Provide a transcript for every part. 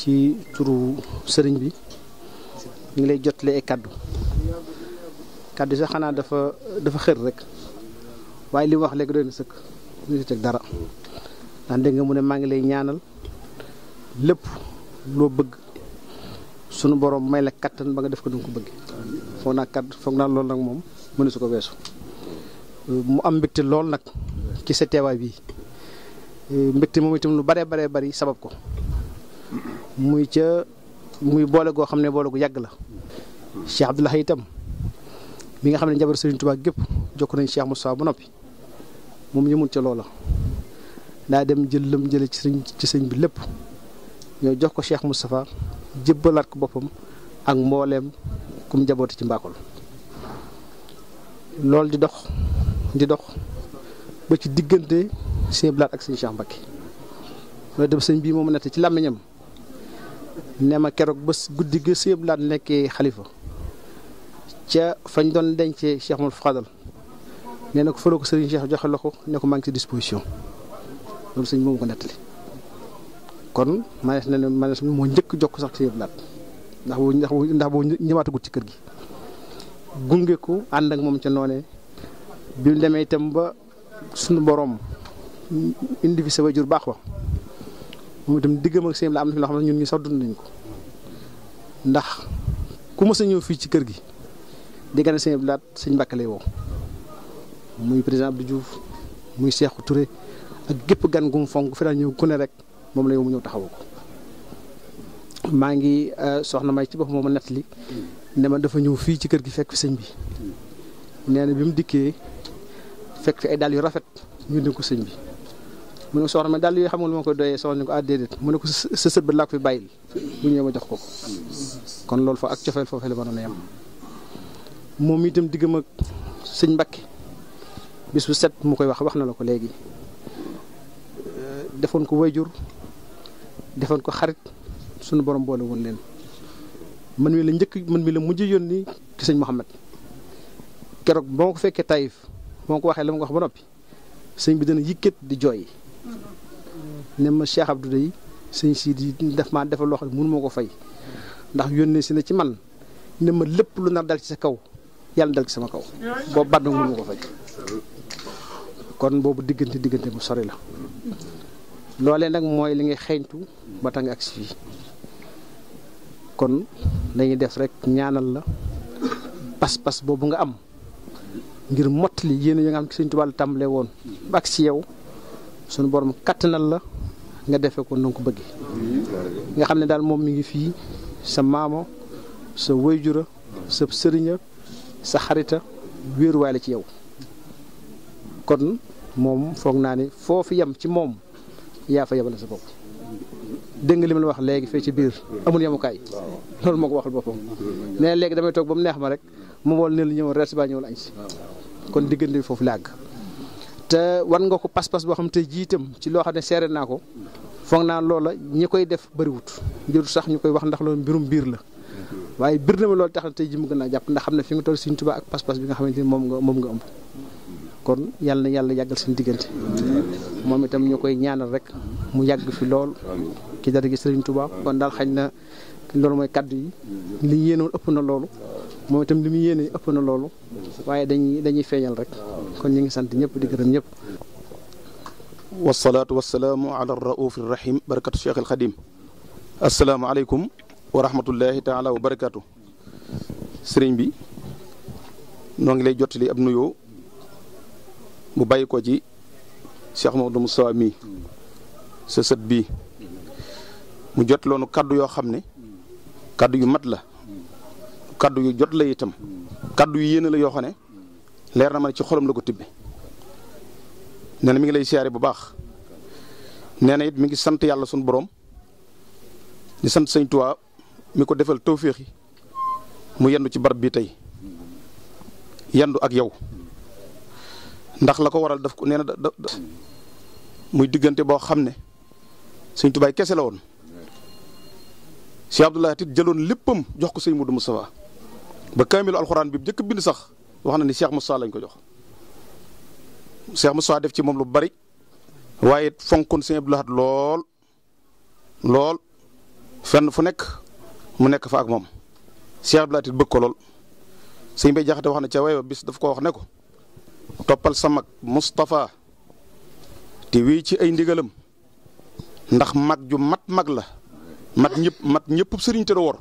ci turu sëriñ bi ñu ngi lay jotalee ay kàddu kàddu sax xanaa dafa dafa xër rek waaye li mu wax léegi doy sëkk lu ci teg dara ndax dégg nga mu ne maa ngi lay ñaanal lépp loo bëgg sunu borom may la kàttan ba nga def ko du ko bëgg foog naa kàddu foog naa loolu nag moom mënu su ko weesu mu am mbégte lool nag ci sa teewaay bii mbégte moom itam lu bare bare bari sabab ko muy ca muy boole goo xam ne boole gu yàgg la Cheikh Abdoulaye itam bi nga xam ne njabar Serigne Touba gépp jokk nañ Cheikh Moustapha bu noppi moom yëmul ca loola daa dem jël lëm jële ci sëñ ci sëñ bi lépp ñoo jox ko Cheikh Moustapha jébbalaat ko boppam ak mbooleem kum jaboote ci mbaakol loolu di dox di dox ba ci diggante sëñ Blaat ak sëñ Cheikh Mbacké loolu dem sëñ bii moom nett ci làmmiñam ne ma keroog ba guddi gi sëñ Abdou nekkee xalifa ca fañ doon dencee Cheikh Mouhamadou Fadal nee na ko fële ko sëriñ Cheikh joxe loxo ne ko maa ngi disposition loolu sëñ moom ko nettali kon manees na ne manees moo njëkk jokk sax sëñ Abdou laat ndax boobu ndax boo ndax boobu ñëwaatagul ci kër gi gunge ko ànd ak moom ca noonee bi mu demee itam ba suñu boroom indi fi sa wajur baax wa moom itam diggam ak seen la am na fi loo xam ne ñun ñu sax dund nañ ko ndax ku mës ñëw fii ci kër gi di gane seen laat sëñ Mbàkke lay woo muy président Abdou Diouf muy Seexu ture ak gépp gan gu mu fonk fi daal ñëw ku ne rek moom la yow mu ñëw taxawu ko maa ngi euh, soxna may ci bopp moom a nettali ne ma dafa ñëw fii ci kër gi fekk fi sëñ bi nee na bi mu dikkee fekk fi ay dàll yu rafet ñu ne ko sëñ bi. mu ne soxna ma daal yi xamul moo ko doyee soxna ni ko ah déedéet mu ne ko sa sët ba laa ko fi bàyyil bu ñëwee ma jox ko ko kon loolu fa ak cofeel foofu la mënoon a yem moom itam diggam ak sëñ Mbacke bis bu set mu koy wax wax na la ko léegi defoon ko wayjur defoon ko xarit sunu borom boole woon leen man mi la njëkk man mi la mujj yónni ci sëñ Mouhamed keroog ba ma ko fekkee Taïf ba ma ko waxee la ma ko wax ba noppi sëñ bi dana yëkkat di jooy. ne ma Cheikh Abdou day seigne sidi def ma def lo xam mënu ma fay ndax yonne ci na ci man ne ma lepp lu nar dal ci sa kaw yalla dal ci sama kaw bo bad nag mënu fay kon bobu digënté digënté bu sori la lolé nak moy li nga xéñtu ba kon dañuy def rek ñaanal la pas-pas bobu nga am ngir motli yene nga am ne sëñ Tuubaa ak ci yow sunu borom katnal la nga defee ko na ko bëggee nga xam ne daal moom mu ngi fii sa maamo sa wayjura sa sëriña sa xarita wéeruwaay la ci yow kon moom foog naa ni foofu yam ci moom yaa fa yebale sa bopp dégg nga li ma la wax léegi fee ci biir amul yemukaay loolu moo ko waxal boppam nee léegi damay toog ba mu neex ma rek mu wol lu la ñëw rees ba ñëwal añ si kon diggante bi foofu làgg te war nga ko pas-pas boo xam te jiitam ci loo xam ne seere naa ko foog naa loola ñi koy def bëriwut jëru sax ñu koy wax ndax loolu mbirum biir la waaye biir na ma loolu tax na tey ji mu gën a jàpp ndax xam ne fi nga toll Sëriñ Tuubaa ak pas-pas bi nga xamante ni moom nga moom nga ëmb kon yàlla na yàlla yàggal seen diggante moom itam ñu koy ñaanal rek mu yàgg fi lool ki dara gi Sëriñ Tuubaa kon daal xañ na loolu mooy kaddu yi li ñu yéenoon ëpp na loolu moom itam li mu yéene ëpp na loolu waaye dañuy dañuy feeñal rek kon ñu ngi sant ñëpp di gërëm ñëpp wasalaatu wasalaamu ala raufi rahim barakatu cheikh al xadim asalaamaaleykum wa rahmatullahi wa barakatu sëriñ bi noo ngi lay jottali ab nuyoo bu bàyyi ko ci cheikh Mamadou Moustapha mii sa sët bi mu jot loonu kaddu yoo xam ne kaddu yu mat la kaddu yu jot la itam kaddu yu yéene la yoo xam ne leer na ma ci xolam la ko tibbe nee na mi ngi lay siyaare bu baax nee na it mi ngi sant yàlla sunu borom di sant sëñ Tuubaa mi ko defal tawféex féexi mu yendu ci barab bi tey yendu ak yow ndax la ko waral daf ko nee na muy diggante boo xam ne sëñ Tuubaa kese la woon Cheikh Abdoulaye tit jëloon léppam jox ko sëñ Moudou Moustapha ba kaamilu alxuraan bi njëkk bind sax wax na ni Cheikh Moussa lañ ko jox. Cheikh Moussa def ci mom lu bari waye it fonkoon Sëñ lol, lol, fenn fu nek mu nek fa ak mom Cheikh Abdou Lahad bekk lol ko lool Jaxate wax na way bis daf ko wax ne ko topal sa mag di wi ci ay ndigalam ndax mag ju mat mag la mat ñep mat ñep sëriñ te du wor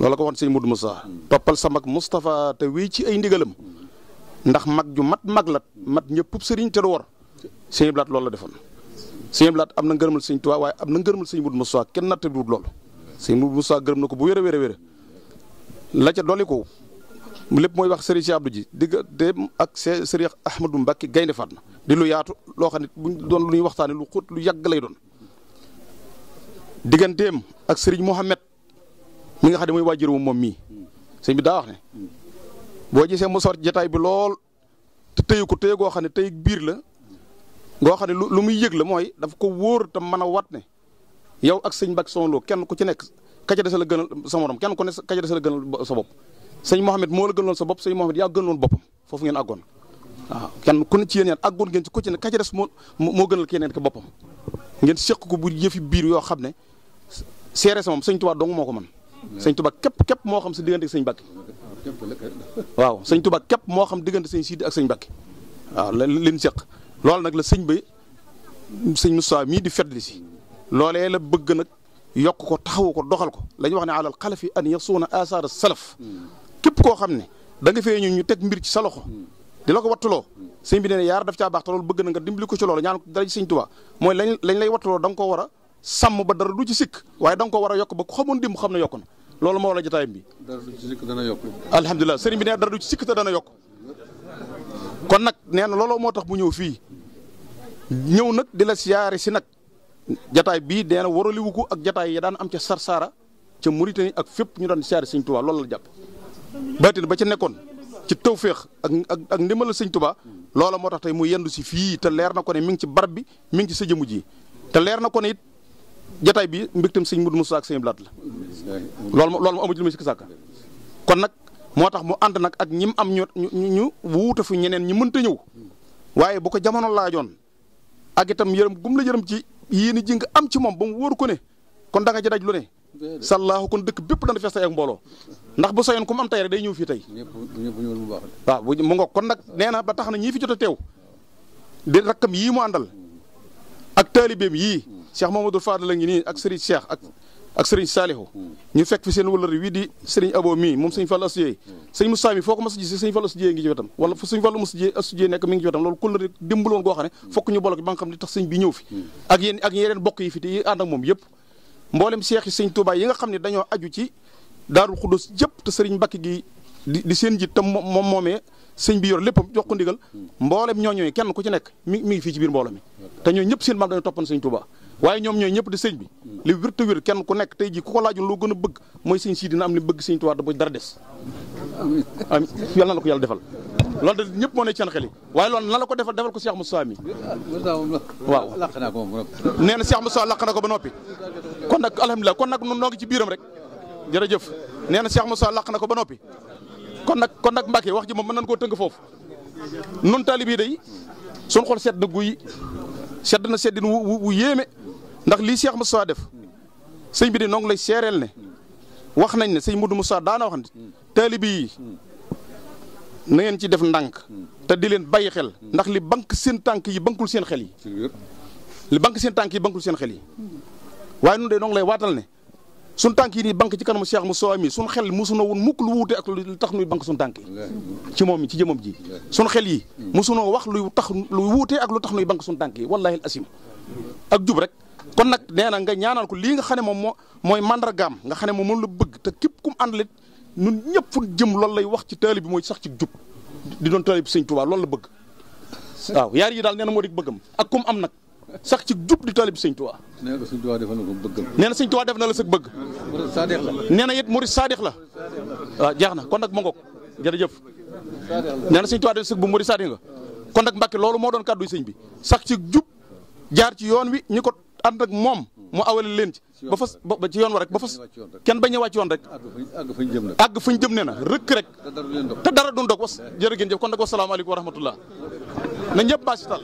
loolu la ko waxoon sëñ Modou Moussa topal sa mustafa te wi ci ay ndigalam ndax mag ju mat mag lat mat ñëpp serigne te du war blat Blaat loolu la defoon serigne blat amna na serigne sëñ way amna am serigne ngërëmal sëñ ken Musaa kenn natt bi loolu serigne Mudu Musaa gërëm nako ko bu wéré wéré wéré la ca dolli ko lépp mooy wax serigne cheikh Abdou ji de ak serigne Ahmadou Mbacke gayne fatna di lu yaatu lo xani bu doon lu ñuy lu xut lu yag lay doon digantem ak serigne mohammed mi nga xadi moy wajiru mom mi serigne bi da wax ne boo gisee mu sor jataay bi lool te tëyu ko tëye goo xam ne tëy biir la goo xam ne lu muy yëg la mooy dafa ko wóor tam mën a wat ne yow ak sëñ Mbacke Soxna Lo kenn ku ci nekk ka ca des la gënal sa morom kenn ku ne ka ca des la gënal sa bopp sëñ Mohamed moo la gënaloon sa bopp sëñ Mohamed yaa gënaloon boppam foofu ngeen àggoon waaw kenn ku ne ci yéen ñaar àggoon ngeen ci ku ci ne ka ca des moo moo gënal keneen ke boppam ngeen seq ko bu yëfi biir yoo xam ne seere sa sëñ Tuubaa dong moo ko man sëñ Tuubaa képp képp moo xam si diggante sëñ Mbacke waaw sëñ Touba képp moo xam diggante sëñ Sidi ak sëñ Mbacke waaw la leen seq loolu nag la sëñ bi sëñ Moussa mii di fetli si loolee la bëgg nag yokk ko taxawu ko doxal ko la ñuy wax ne alal xalafi an yasuuna asaara salaf képp koo xam ne da nga fee ñu teg mbir ci sa loxo di la ko wattuloo sëñ bi nee na yaar daf caa baax te loolu bëgg na nga dimbali ko ci loolu ñaan ko dara mooy lañ lañ lay wattuloo da nga koo war a sàmm ba dara du ci sikk waaye da nga koo war a yokk ba xamoon dim xam ne yokk na loolu moo la jotaay bi. dara du dana yokk. alhamdulilah sëriñ bi nee dara du ci sikk te dana yokk kon nag nee na looloo moo tax mu ñëw fii ñëw nag di la siyaare si nag jataay bii nee na waraliwu ko ak jataay yi daan am ca Sarsara ca Mauritanie ak fépp ñu daan siyaare sëñ Tuubaa jàpp. baatin ba ca nekkoon ci tawféex ak ak ak ndimbalal sëñ Tuubaa loola moo tax tey mu yendu si fii te leer na ko ne mi ngi ci barab bi mi ngi ci sa jëmu ji te leer na ko ne it jataay bi mbégtam sëñ Modou Moussa ak sëñ Blaat la loolu loolu mu amul lu muy kon nag moo tax mu ànd nag ak ñim am ñu ñu wuute fu ñeneen ñi mënta ñëw waaye boo ko jamono laajoon ak itam yërëm gum la yërëm ci yéen i ji am ci moom ba mu wóor ko ne kon da nga ci daj lu ne sallaahu kon dëkk bépp dana fees ak mbooloo ndax bu soyoon ku mu am tey rek day ñëw fii tey waaw mu ngo kon nag nee na ba tax na ñii fi jot a teew di rakkam yii mu àndal ak taalibeem yii Cheikh Mamadou Fadal la ngi nii ak Serigne Cheikh ak ak Serigne ñu fekk fi seen wëllër wii di Serigne Abo mii moom sëñ Fallou Asujee sëñ Moussa mii foo ko mas a gisee sëñ Fallou Asujee ngi ci wetam wala sëñ Fallou Moussa Asujee la dimbaloon ñu bolo yeneen bokk yi fi te yi ànd ak moom yëpp mboolem Cheikh yi sëñ yi nga xam ne dañoo aju ci Daarul Xudus yëpp te Serigne Mbacke gi di seen ji tam moom moomee sëñ bi yor léppam jox ko ndigal mboolem ñooñu kenn ku ci nekk mi mi ngi fii ci biir mbooloo mi te ñoo ñëpp seen maam dañoo toppoon sëñ Touba waaye ñoom ñooy ñëpp di sëñ bi li wér te kenn ku nekk tey jii ku ko laajoon loo gën a bëgg mooy sëñ si dina am li bëgg sëñ Tuubaa da dara des am yal na la ko yàlla defal loolu da ñëpp moo ne seen xel yi waaye loolu na la ko defal defal ko Cheikh Moussa mi waaw nee na ma Moussa laq na ko ba noppi kon nag alhamdulilah kon nag nun noo ngi ci biiram rek jërëjëf nee na Cheikh Moussa laq na ko ba noppi kon nag kon nag Mbacke wax ji moom mën nañ koo tëng foofu nun taalib yi day sun xol sedd na guy sedd na seddin wu yéeme ndax lii ma Moussa def sëñ bi de noonu lay seereel ne wax nañ ne sëñ Moudou Moussa daana wax ne taalibi yi na ngeen ci def ndànk te di leen bàyyi xel ndax li bank seen tànk yi bankul seen xel yi li bank seen tànk yi seen xel yi waaye nun de noonu lay waatal ne suñ tànk yi nii bank ci kanamu Cheikh Moussa mi suñ xel mosuna woon mukk lu wuute ak lu tax nuy bank suñ tànk yi moom mi ci jëmam ji suñ xel yi mosunoo wax luy tax lu wuutee ak lu tax nuy bank suñ tànk yi wallaahi asim ak jub rek kon nak neena nga ñaanal ko li nga xane mom moy mandragam nga xane mom moom bëgg te kep kum andalit ñun ñepp fu jëm lool lay wax ci talib bi sax ci jub di doon talib seigne touba lool la bëgg waaw yaar yi dal neena na moo bëggam ak kum am nak sax ci jub di talib seigne touba neena seigne touba def na ko bëggal neena seigne touba def na la sa bëgg. la neena yit murid sadiq la waaw jaxna kon nak mo ngok jërëjëf nee na Sëñ Tuubaa def sëg bu murid sadiq nga kon nak Mbàkke loolu mo doon kaddu seigne bi sax ci jub jaar ci yoon wi ñi ko ànd moom mu awale leen ci ba fas ba ci yoon wa rek ba fas kenn bañ a wàcc yoon rek àgg fuñ jëm àgg fuñ jëm ne na rëkk rek te dara dun dog was jërë ngeen jëf kon nag wasalaamaaleykum wa rahmatullah na ñëpp baasi